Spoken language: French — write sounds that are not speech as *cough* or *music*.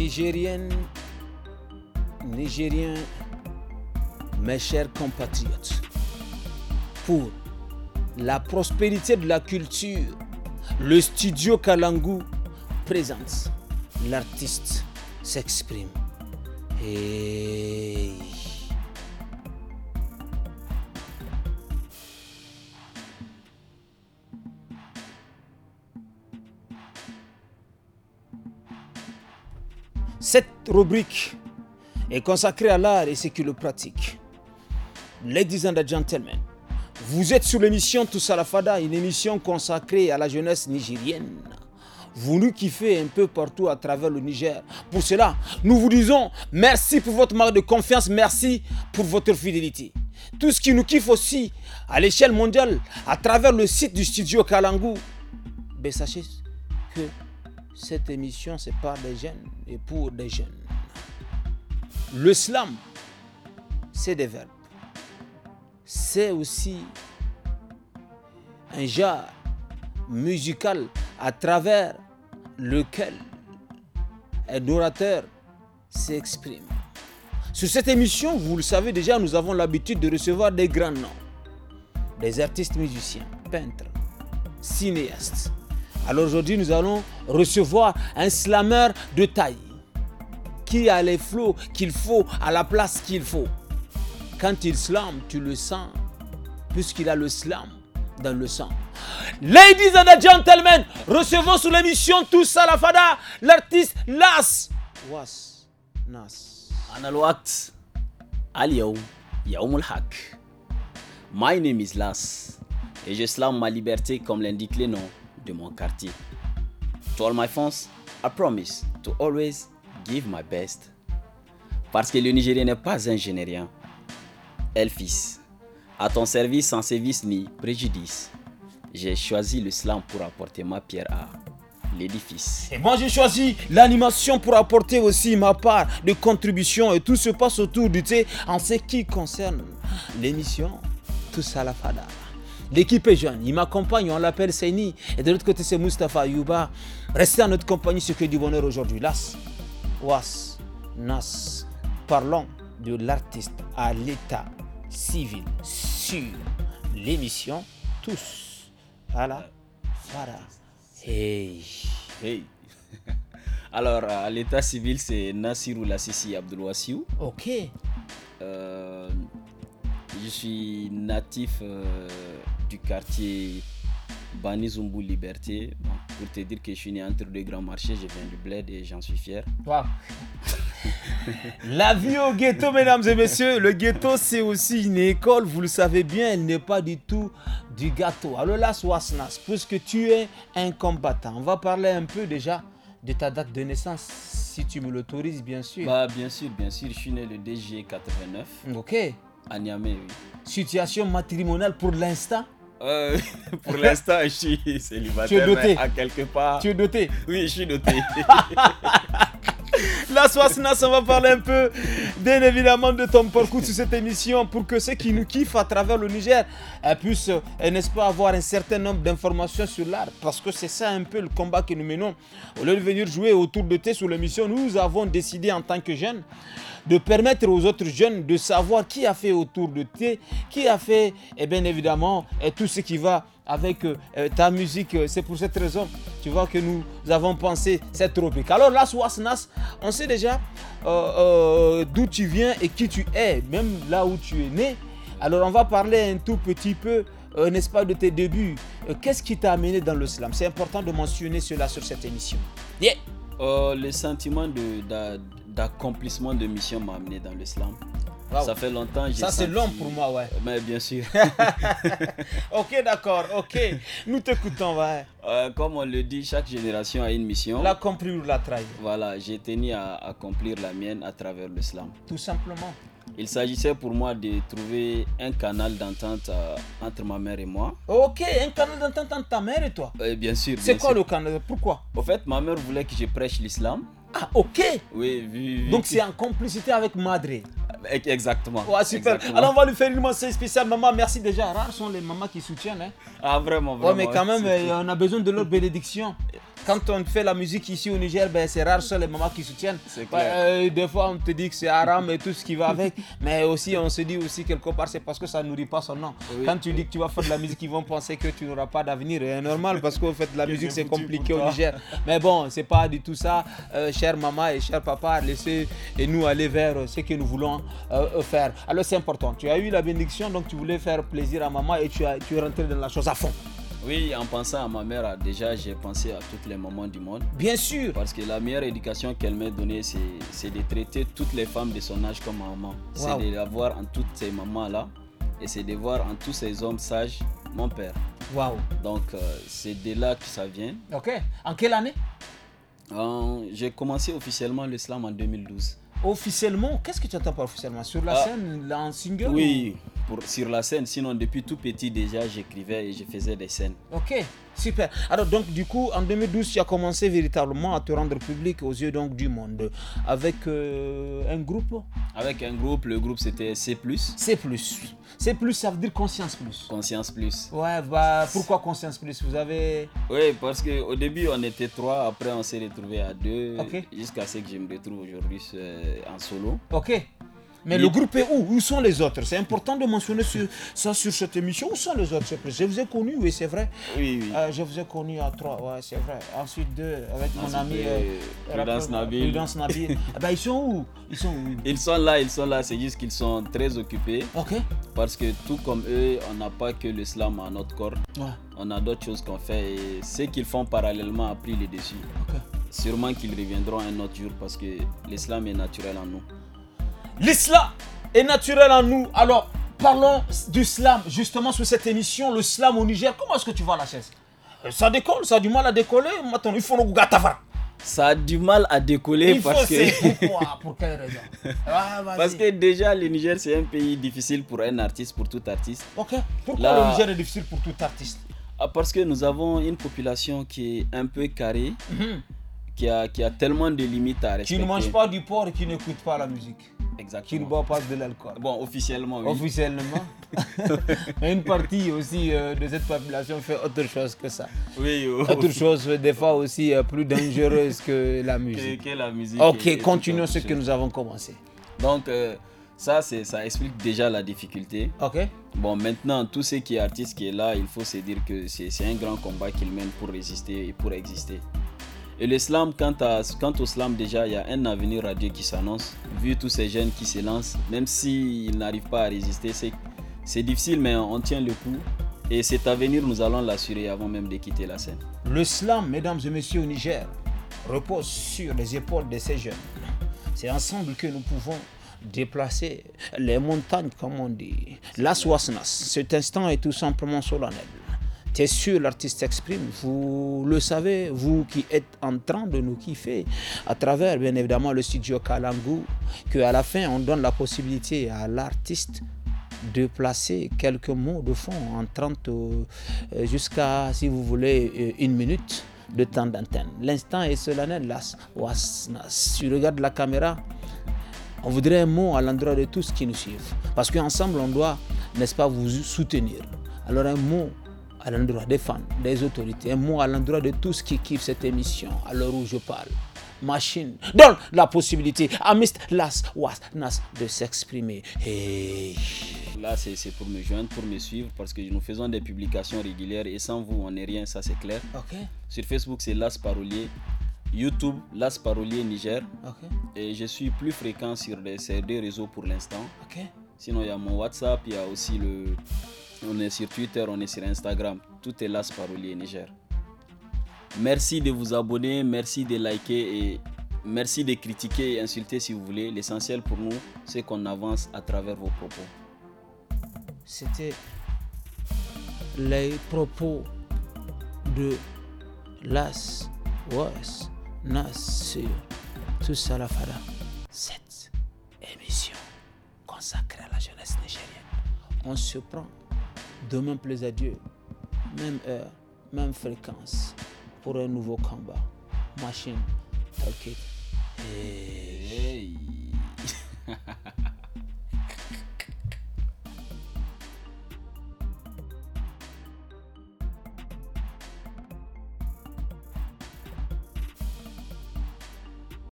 Nigérien, Nigérien, mes chers compatriotes, pour la prospérité de la culture, le studio Kalangu présente l'artiste s'exprime. Et... Cette rubrique est consacrée à l'art et ce qui le pratique. Ladies and gentlemen, vous êtes sur l'émission Tous Fada, une émission consacrée à la jeunesse nigérienne. Vous nous kiffez un peu partout à travers le Niger. Pour cela, nous vous disons merci pour votre marque de confiance, merci pour votre fidélité. Tout ce qui nous kiffe aussi à l'échelle mondiale, à travers le site du studio Kalangu, ben, sachez que cette émission, c'est par des jeunes et pour des jeunes. Le slam, c'est des verbes. C'est aussi un genre musical à travers lequel un orateur s'exprime. Sur cette émission, vous le savez déjà, nous avons l'habitude de recevoir des grands noms, des artistes musiciens, peintres, cinéastes, alors aujourd'hui, nous allons recevoir un slammer de taille qui a les flots qu'il faut à la place qu'il faut. Quand il slame, tu le sens, puisqu'il a le slam dans le sang. Ladies and gentlemen, recevons sur l'émission Tous à la Fada l'artiste Las Was Nas. Analwakt Aliou Yaoumul My name is Las et je slame ma liberté comme l'indique le nom de mon quartier. To all my fans, I promise to always give my best. Parce que le Nigérien n'est pas un Générien. Elfis, à ton service sans service ni préjudice, j'ai choisi le slam pour apporter ma pierre à l'édifice. Et moi j'ai choisi l'animation pour apporter aussi ma part de contribution et tout se passe autour du thé en ce qui concerne l'émission Tout à la Fada. L'équipe est jeune, il m'accompagne, on l'appelle Seini. Et de l'autre côté, c'est Mustafa Yuba. Restez en notre compagnie, ce que du bonheur aujourd'hui. Las, was, nas. Parlons de l'artiste à l'état civil sur l'émission Tous Voilà, voilà. Hey! Hey! *laughs* Alors, à l'état civil, c'est Nassirou Lassisi Abdoulouassiou. Ok. Euh, je suis natif euh, du quartier Banizumbu Liberté. pour te dire que je suis né entre deux grands marchés, je viens du bled et j'en suis fier. *laughs* La vie au ghetto, mesdames et messieurs, le ghetto c'est aussi une école, vous le savez bien, elle n'est pas du tout du gâteau. Alors là, Swasnas, puisque tu es un combattant, on va parler un peu déjà de ta date de naissance, si tu me l'autorises, bien sûr. Bah, bien sûr, bien sûr, je suis né le DG 89. Ok. Situation matrimoniale pour l'instant euh, *laughs* pour l'instant, je suis célibataire. Tu es doté. à quelque part. Tu es doté. Oui, je suis doté. *laughs* La ça on va parler un peu, bien évidemment, de ton parcours sur cette émission pour que ceux qui nous kiffent à travers le Niger euh, puissent, euh, n'est-ce pas, avoir un certain nombre d'informations sur l'art. Parce que c'est ça un peu le combat que nous menons. Au lieu de venir jouer autour de thé sur l'émission, nous avons décidé en tant que jeunes de permettre aux autres jeunes de savoir qui a fait autour de thé, qui a fait, et eh bien évidemment, et euh, tout ce qui va avec euh, euh, ta musique. Euh, c'est pour cette raison, tu vois, que nous avons pensé cette rubrique. Alors là, on sait déjà d'où tu viens et qui tu es, même là où tu es né. Alors on va parler un tout petit peu, n'est-ce pas, de tes débuts. Qu'est-ce qui t'a amené dans le slam C'est important de mentionner cela sur cette émission. le sentiment d'accomplissement de, de mission m'a amené dans le slam. Ça fait longtemps. Ça, c'est long pour moi, ouais. Euh, mais bien sûr. *laughs* ok, d'accord, ok. Nous t'écoutons, ouais. Euh, comme on le dit, chaque génération a une mission. L'accomplir ou la trahir. Voilà, j'ai tenu à accomplir la mienne à travers l'islam. Tout simplement. Il s'agissait pour moi de trouver un canal d'entente euh, entre ma mère et moi. Ok, un canal d'entente entre ta mère et toi Bien sûr. C'est quoi le canal Pourquoi Au fait, ma mère voulait que je prêche l'islam. Ah, ok. Oui, Donc c'est en complicité avec Madre. Exactement. Ouais, super. Alors on va lui faire une mention spéciale. Maman, merci déjà. Rares sont les mamans qui soutiennent. Hein. Ah, vraiment, vraiment. Ouais, mais quand même, euh, on a besoin de leur bénédiction quand on fait la musique ici au Niger, ben, c'est rare, seuls les mamans qui soutiennent. Clair. Euh, des fois, on te dit que c'est haram et tout ce qui va avec. *laughs* mais aussi, on se dit aussi quelque part, c'est parce que ça nourrit pas son nom. Eh quand tu dis que tu vas faire de la musique, ils vont penser que tu n'auras pas d'avenir. C'est normal parce qu'au fait, la musique, c'est compliqué au Niger. Mais bon, c'est pas du tout ça. Euh, chère maman et cher papa, laissez-nous aller vers ce que nous voulons euh, faire. Alors, c'est important. Tu as eu la bénédiction, donc tu voulais faire plaisir à maman et tu, as, tu es rentré dans la chose à fond. Oui, en pensant à ma mère, déjà j'ai pensé à toutes les mamans du monde. Bien sûr. Parce que la meilleure éducation qu'elle m'a donnée, c'est de traiter toutes les femmes de son âge comme maman. C'est de la voir en toutes ces mamans-là. Et c'est de voir en tous ces hommes sages mon père. Waouh. Donc euh, c'est de là que ça vient. Ok. En quelle année J'ai commencé officiellement l'islam en 2012. Officiellement Qu'est-ce que tu attends par officiellement Sur la ah. scène, en single Oui sur la scène. Sinon, depuis tout petit déjà, j'écrivais et je faisais des scènes. Ok, super. Alors donc, du coup, en 2012, tu as commencé véritablement à te rendre public aux yeux donc du monde avec euh, un groupe. Avec un groupe, le groupe c'était C+. C+. C+, ça veut dire conscience plus. Conscience plus. Ouais, bah pourquoi conscience plus Vous avez. Oui, parce qu'au début on était trois, après on s'est retrouvé à deux, jusqu'à ce que je me retrouve aujourd'hui en solo. Ok. Mais le groupe est où Où sont les autres C'est important de mentionner ça sur cette émission. Où sont les autres Je vous ai connu, oui, c'est vrai. Oui, oui. Euh, je vous ai connu à trois, ouais, c'est vrai. Ensuite deux, avec mon ami. Prudence euh, Nabil. *laughs* Ah, bah, ils sont où Ils sont Ils sont là, ils sont là. C'est juste qu'ils sont très occupés. Ok. Parce que tout comme eux, on n'a pas que l'islam à notre corps. On a d'autres choses qu'on fait et ce qu'ils font parallèlement a pris les dessus. Ok. Sûrement qu'ils reviendront un autre jour parce que l'islam est naturel en nous. L'islam est naturel en nous. Alors, parlons du slam, justement, sur cette émission, le slam au Niger. Comment est-ce que tu vois la chaise euh, Ça décolle, ça a du mal à décoller. Maintenant, il faut nous ça a du mal à décoller parce que. *laughs* Pourquoi Pour quelle raison *laughs* ah, Parce que déjà, le Niger, c'est un pays difficile pour un artiste, pour tout artiste. Ok. Pourquoi le Niger est difficile pour tout artiste ah, Parce que nous avons une population qui est un peu carrée, mhm. qui, a, qui a tellement de limites à respecter. Qui ne mange pas du porc et qui n'écoute pas la musique qui ne boit pas de l'alcool. Bon, officiellement, oui. Officiellement. *laughs* une partie aussi euh, de cette population fait autre chose que ça. Oui, oh. Autre chose, des fois aussi euh, plus dangereuse que la musique. Que, la musique. Ok, continuons ce que nous avons commencé. Donc, euh, ça, ça explique déjà la difficulté. Ok. Bon, maintenant, tout ce qui est artiste qui est là, il faut se dire que c'est un grand combat qu'il mène pour résister et pour exister. Et l'islam, quant, quant au slam, déjà, il y a un avenir radieux qui s'annonce, vu tous ces jeunes qui se lancent, même s'ils n'arrivent pas à résister, c'est difficile, mais on tient le coup. Et cet avenir, nous allons l'assurer avant même de quitter la scène. Le slam, mesdames et messieurs, au Niger, repose sur les épaules de ces jeunes. C'est ensemble que nous pouvons déplacer les montagnes, comme on dit. La Swasnas, cet instant est tout simplement solennel. T'es sûr, l'artiste s'exprime. Vous le savez, vous qui êtes en train de nous kiffer à travers, bien évidemment, le studio Kalangu, qu'à la fin, on donne la possibilité à l'artiste de placer quelques mots de fond en 30 euh, jusqu'à, si vous voulez, euh, une minute de temps d'antenne. L'instant est solennel. si tu regardes la caméra, on voudrait un mot à l'endroit de tous qui nous suivent. Parce qu'ensemble, on doit, n'est-ce pas, vous soutenir. Alors un mot à l'endroit des fans, des autorités, un mot à l'endroit de tous qui kiffent cette émission à l'heure où je parle. Machine donne la possibilité à Mr. Las Nas de s'exprimer. Là, c'est pour me joindre, pour me suivre, parce que nous faisons des publications régulières et sans vous, on n'est rien, ça c'est clair. Sur Facebook, c'est Las Parolier. YouTube, Las Parolier Niger. Et je suis plus fréquent sur ces deux réseaux pour l'instant. Sinon, il y a mon WhatsApp, il y a aussi le, on est sur Twitter, on est sur Instagram. Tout est Las Parolier Niger. Merci de vous abonner, merci de liker et merci de critiquer et insulter si vous voulez. L'essentiel pour nous, c'est qu'on avance à travers vos propos. C'était les propos de Las Was Nasir Fada. Cette émission consacrée à la jeunesse nigérienne. On se prend Demain, plaise à Dieu. Même heure, même fréquence pour un nouveau combat. Machine, ok. *laughs*